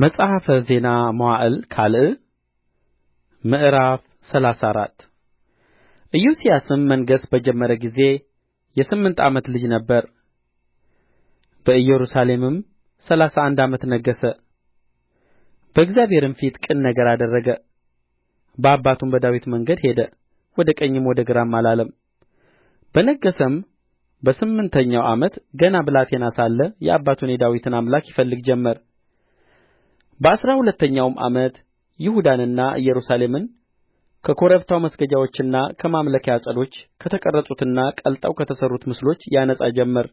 መጽሐፈ ዜና መዋዕል ካልዕ ምዕራፍ ሰላሳ አራት ኢዮስያስም መንገሥ በጀመረ ጊዜ የስምንት ዓመት ልጅ ነበረ በኢየሩሳሌምም ሠላሳ አንድ ዓመት ነገሠ በእግዚአብሔርም ፊት ቅን ነገር አደረገ በአባቱም በዳዊት መንገድ ሄደ ወደ ቀኝም ወደ ግራም አላለም በነገሠም በስምንተኛው ዓመት ገና ብላቴና ሳለ የአባቱን የዳዊትን አምላክ ይፈልግ ጀመር በአሥራ ሁለተኛውም ዓመት ይሁዳንና ኢየሩሳሌምን ከኮረብታው መስገጃዎችና ከማምለኪያ ዐፀዶች ከተቀረጹትና ቀልጠው ከተሠሩት ምስሎች ያነጻ ጀመር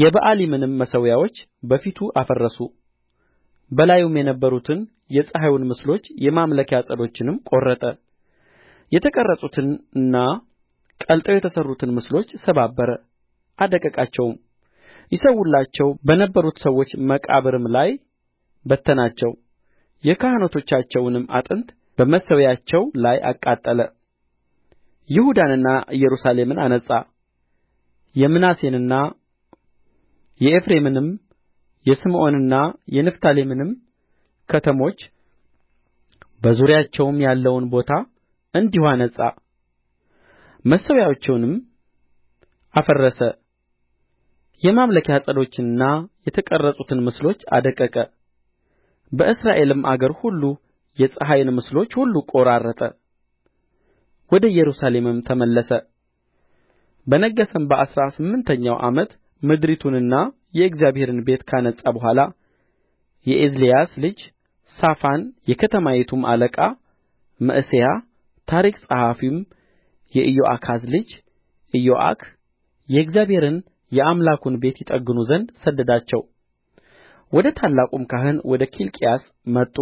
የበኣሊምንም መሠዊያዎች በፊቱ አፈረሱ በላዩም የነበሩትን የፀሐዩን ምስሎች የማምለኪያ ዐፀዶቹንም ቈረጠ የተቀረጹትንና ቀልጠው የተሠሩትን ምስሎች ሰባበረ አደቀቃቸውም ይሠዉላቸው በነበሩት ሰዎች መቃብርም ላይ በተናቸው የካህናቶቻቸውንም አጥንት በመሠዊያቸው ላይ አቃጠለ ይሁዳንና ኢየሩሳሌምን አነጻ የምናሴንና የኤፍሬምንም የስምዖንና የንፍታሌምንም ከተሞች በዙሪያቸውም ያለውን ቦታ እንዲሁ አነጻ መሠዊያዎቹንም አፈረሰ የማምለኪያ ዐፀዶቹንና የተቀረጹትን ምስሎች አደቀቀ በእስራኤልም አገር ሁሉ የፀሐይን ምስሎች ሁሉ ቈራረጠ ወደ ኢየሩሳሌምም ተመለሰ በነገሠም በአሥራ ስምንተኛው ዓመት ምድሪቱንና የእግዚአብሔርን ቤት ካነጻ በኋላ የኤዝልያስ ልጅ ሳፋን የከተማይቱም አለቃ መዕሤያ ታሪክ ጸሐፊም የኢዮአካዝ ልጅ ኢዮአክ የእግዚአብሔርን የአምላኩን ቤት ይጠግኑ ዘንድ ሰደዳቸው ወደ ታላቁም ካህን ወደ ኬልቅያስ መጡ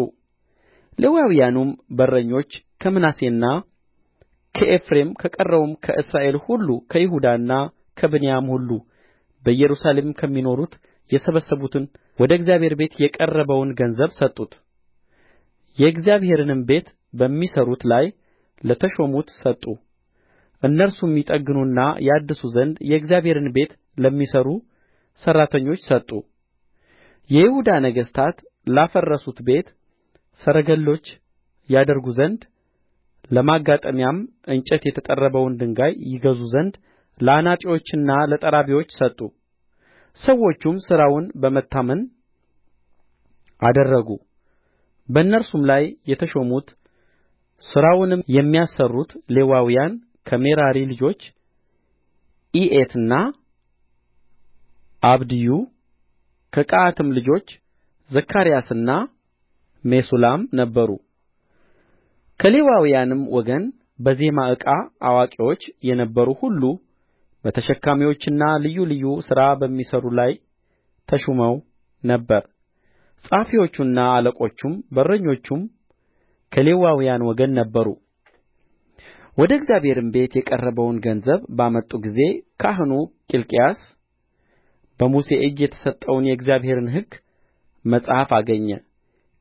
ሌዋውያኑም በረኞች ከምናሴና ከኤፍሬም ከቀረውም ከእስራኤል ሁሉ ከይሁዳና ከብንያም ሁሉ በኢየሩሳሌምም ከሚኖሩት የሰበሰቡትን ወደ እግዚአብሔር ቤት የቀረበውን ገንዘብ ሰጡት። የእግዚአብሔርንም ቤት በሚሠሩት ላይ ለተሾሙት ሰጡ። እነርሱም ይጠግኑና ያድሱ ዘንድ የእግዚአብሔርን ቤት ለሚሠሩ ሠራተኞች ሰጡ። የይሁዳ ነገሥታት ላፈረሱት ቤት ሰረገሎች ያደርጉ ዘንድ ለማጋጠሚያም እንጨት የተጠረበውን ድንጋይ ይገዙ ዘንድ ለአናጢዎችና ለጠራቢዎች ሰጡ ሰዎቹም ሥራውን በመታመን አደረጉ በእነርሱም ላይ የተሾሙት ሥራውንም የሚያሠሩት ሌዋውያን ከሜራሪ ልጆች ኢኤትና አብድዩ ከቀዓትም ልጆች ዘካርያስና ሜሱላም ነበሩ ከሌዋውያንም ወገን በዜማ ዕቃ አዋቂዎች የነበሩ ሁሉ በተሸካሚዎችና ልዩ ልዩ ሥራ በሚሠሩ ላይ ተሾመው ነበር ጸሐፊዎቹና አለቆቹም በረኞቹም ከሌዋውያን ወገን ነበሩ ወደ እግዚአብሔርም ቤት የቀረበውን ገንዘብ ባመጡ ጊዜ ካህኑ ኬልቅያስ በሙሴ እጅ የተሰጠውን የእግዚአብሔርን ሕግ መጽሐፍ አገኘ።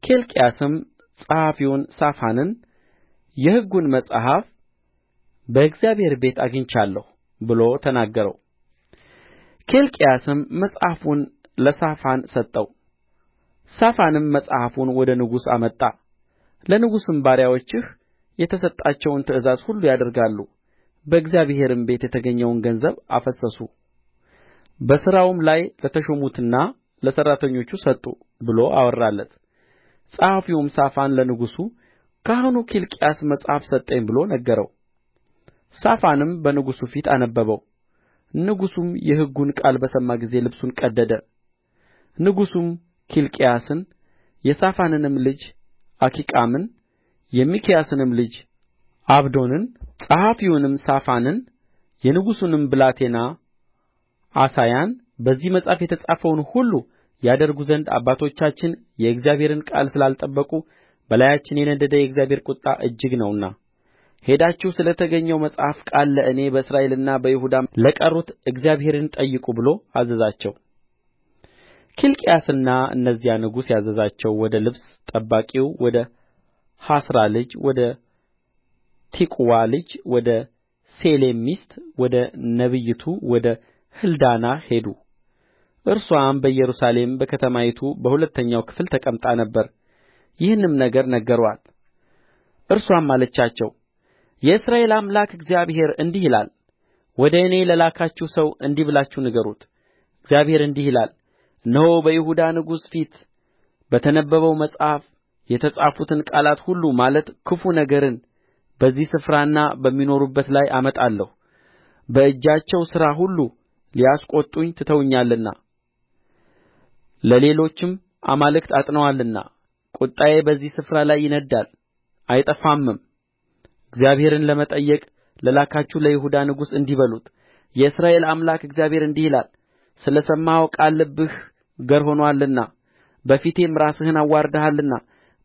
ኬልቅያስም ጸሐፊውን ሳፋንን የሕጉን መጽሐፍ በእግዚአብሔር ቤት አግኝቻለሁ ብሎ ተናገረው። ኬልቅያስም መጽሐፉን ለሳፋን ሰጠው። ሳፋንም መጽሐፉን ወደ ንጉሡ አመጣ። ለንጉሡም ባሪያዎችህ የተሰጣቸውን ትእዛዝ ሁሉ ያደርጋሉ፣ በእግዚአብሔርም ቤት የተገኘውን ገንዘብ አፈሰሱ በሥራውም ላይ ለተሾሙትና ለሠራተኞቹ ሰጡ ብሎ አወራለት ጸሐፊውም ሳፋን ለንጉሡ ካህኑ ኬልቅያስ መጽሐፍ ሰጠኝ ብሎ ነገረው ሳፋንም በንጉሡ ፊት አነበበው ንጉሡም የሕጉን ቃል በሰማ ጊዜ ልብሱን ቀደደ ንጉሡም ኬልቅያስን የሳፋንንም ልጅ አኪቃምን የሚክያስንም ልጅ ዓብዶንን ጸሐፊውንም ሳፋንን የንጉሡንም ብላቴና ዓሣያን በዚህ መጽሐፍ የተጻፈውን ሁሉ ያደርጉ ዘንድ አባቶቻችን የእግዚአብሔርን ቃል ስላልጠበቁ በላያችን የነደደ የእግዚአብሔር ቍጣ እጅግ ነውና ሄዳችሁ ስለ ተገኘው መጽሐፍ ቃል ለእኔ በእስራኤልና በይሁዳ ለቀሩት እግዚአብሔርን ጠይቁ ብሎ አዘዛቸው ኬልቅያስና እነዚያ ንጉሥ ያዘዛቸው ወደ ልብስ ጠባቂው ወደ ሐስራ ልጅ ወደ ቲቁዋ ልጅ ወደ ሴሌም ሚስት ወደ ነቢይቱ ወደ ሕልዳና ሄዱ እርስዋም በኢየሩሳሌም በከተማይቱ በሁለተኛው ክፍል ተቀምጣ ነበር ይህንም ነገር ነገሩአት እርስዋም አለቻቸው የእስራኤል አምላክ እግዚአብሔር እንዲህ ይላል ወደ እኔ ለላካችሁ ሰው እንዲህ ብላችሁ ንገሩት እግዚአብሔር እንዲህ ይላል እነሆ በይሁዳ ንጉሥ ፊት በተነበበው መጽሐፍ የተጻፉትን ቃላት ሁሉ ማለት ክፉ ነገርን በዚህ ስፍራና በሚኖሩበት ላይ አመጣለሁ በእጃቸው ሥራ ሁሉ ሊያስቈጡኝ ትተውኛልና ለሌሎችም አማልክት ዐጥነዋልና ቍጣዬ በዚህ ስፍራ ላይ ይነድዳል አይጠፋምም እግዚአብሔርን ለመጠየቅ ለላካችሁ ለይሁዳ ንጉሥ እንዲህ በሉት የእስራኤል አምላክ እግዚአብሔር እንዲህ ይላል ስለ ሰማኸው ቃል ልብህ ገር ሆኖአልና በፊቴም ራስህን አዋርደሃልና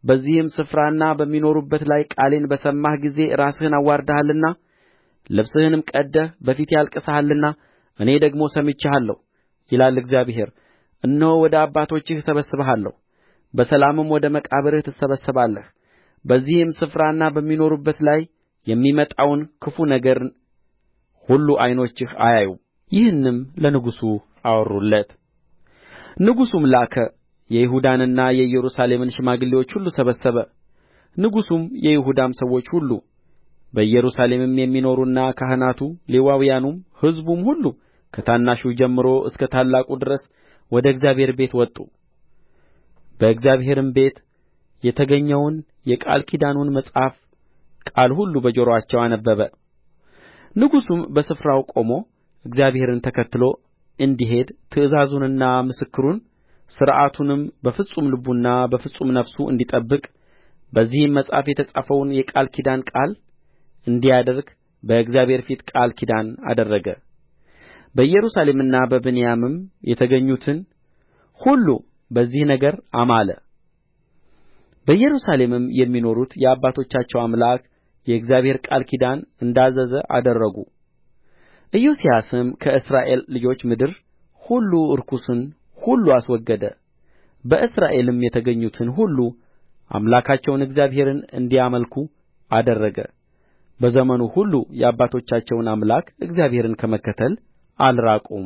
በዚህም ስፍራና በሚኖሩበት ላይ ቃሌን በሰማህ ጊዜ ራስህን አዋርደሃልና ልብስህንም ቀድደህ በፊቴ አልቅሰሃልና እኔ ደግሞ ሰምቼሃለሁ ይላል እግዚአብሔር እነሆ ወደ አባቶችህ እሰበስብሃለሁ በሰላምም ወደ መቃብርህ ትሰበሰባለህ በዚህም ስፍራና በሚኖሩበት ላይ የሚመጣውን ክፉ ነገር ሁሉ ዓይኖችህ አያዩም ይህንም ለንጉሡ አወሩለት ንጉሡም ላከ የይሁዳንና የኢየሩሳሌምን ሽማግሌዎች ሁሉ ሰበሰበ ንጉሡም የይሁዳም ሰዎች ሁሉ በኢየሩሳሌምም የሚኖሩና ካህናቱ ሌዋውያኑም ሕዝቡም ሁሉ ከታናሹ ጀምሮ እስከ ታላቁ ድረስ ወደ እግዚአብሔር ቤት ወጡ በእግዚአብሔርም ቤት የተገኘውን የቃል ኪዳኑን መጽሐፍ ቃል ሁሉ በጆሮአቸው አነበበ ንጉሡም በስፍራው ቆሞ እግዚአብሔርን ተከትሎ እንዲሄድ ትእዛዙንና ምስክሩን ሥርዓቱንም በፍጹም ልቡና በፍጹም ነፍሱ እንዲጠብቅ በዚህም መጽሐፍ የተጻፈውን የቃል ኪዳን ቃል እንዲያደርግ በእግዚአብሔር ፊት ቃል ኪዳን አደረገ በኢየሩሳሌምና በብንያምም የተገኙትን ሁሉ በዚህ ነገር አማለ በኢየሩሳሌምም የሚኖሩት የአባቶቻቸው አምላክ የእግዚአብሔር ቃል ኪዳን እንዳዘዘ አደረጉ ኢዮስያስም ከእስራኤል ልጆች ምድር ሁሉ ርኩስን ሁሉ አስወገደ በእስራኤልም የተገኙትን ሁሉ አምላካቸውን እግዚአብሔርን እንዲያመልኩ አደረገ በዘመኑ ሁሉ የአባቶቻቸውን አምላክ እግዚአብሔርን ከመከተል አልራቁም